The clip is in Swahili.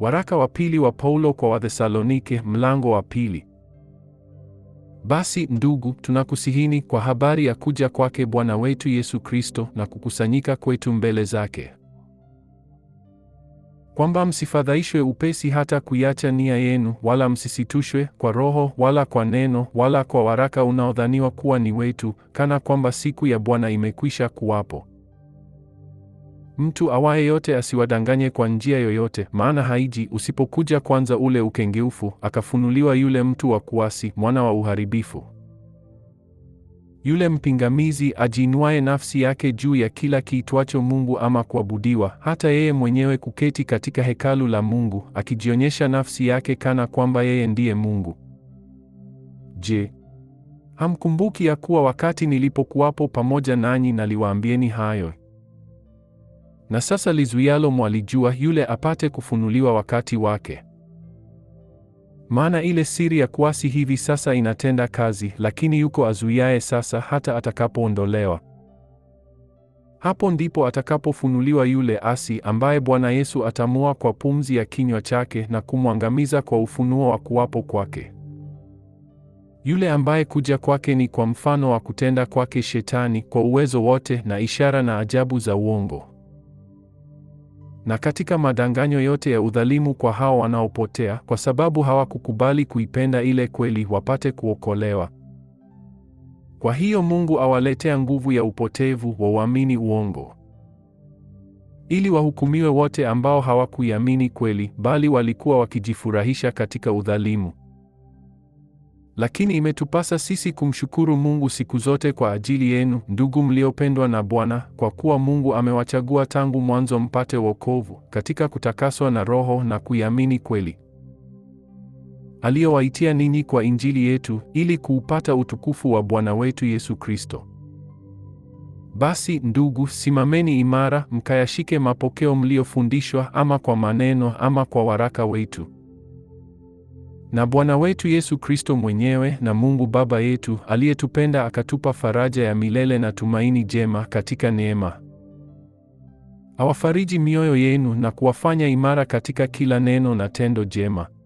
Waraka wa pili wa Paulo kwa Wathesalonike, mlango wa pili. Basi ndugu, tunakusihini kwa habari ya kuja kwake Bwana wetu Yesu Kristo na kukusanyika kwetu mbele zake, kwamba msifadhaishwe upesi hata kuiacha nia yenu, wala msisitushwe kwa roho wala kwa neno wala kwa waraka unaodhaniwa kuwa ni wetu, kana kwamba siku ya Bwana imekwisha kuwapo. Mtu awaye yote asiwadanganye kwa njia yoyote, maana haiji usipokuja kwanza ule ukengeufu, akafunuliwa yule mtu wa kuasi, mwana wa uharibifu, yule mpingamizi ajiinuaye nafsi yake juu ya kila kiitwacho Mungu ama kuabudiwa, hata yeye mwenyewe kuketi katika hekalu la Mungu, akijionyesha nafsi yake kana kwamba yeye ndiye Mungu. Je, hamkumbuki ya kuwa wakati nilipokuwapo pamoja nanyi naliwaambieni hayo? na sasa lizuialo mwalijua yule apate kufunuliwa wakati wake. Maana ile siri ya kuasi hivi sasa inatenda kazi, lakini yuko azuiaye sasa hata atakapoondolewa. Hapo ndipo atakapofunuliwa yule asi ambaye Bwana Yesu atamua kwa pumzi ya kinywa chake na kumwangamiza kwa ufunuo wa kuwapo kwake. Yule ambaye kuja kwake ni kwa mfano wa kutenda kwake Shetani kwa uwezo wote na ishara na ajabu za uongo na katika madanganyo yote ya udhalimu kwa hao wanaopotea, kwa sababu hawakukubali kuipenda ile kweli wapate kuokolewa. Kwa hiyo Mungu awaletea nguvu ya upotevu wauamini uongo, ili wahukumiwe wote ambao hawakuiamini kweli, bali walikuwa wakijifurahisha katika udhalimu. Lakini imetupasa sisi kumshukuru Mungu siku zote kwa ajili yenu, ndugu mliopendwa na Bwana, kwa kuwa Mungu amewachagua tangu mwanzo mpate wokovu katika kutakaswa na Roho na kuiamini kweli aliyowaitia ninyi kwa Injili yetu, ili kuupata utukufu wa Bwana wetu Yesu Kristo. Basi ndugu, simameni imara, mkayashike mapokeo mliofundishwa ama kwa maneno ama kwa waraka wetu na Bwana wetu Yesu Kristo mwenyewe na Mungu Baba yetu aliyetupenda akatupa faraja ya milele na tumaini jema katika neema, awafariji mioyo yenu na kuwafanya imara katika kila neno na tendo jema.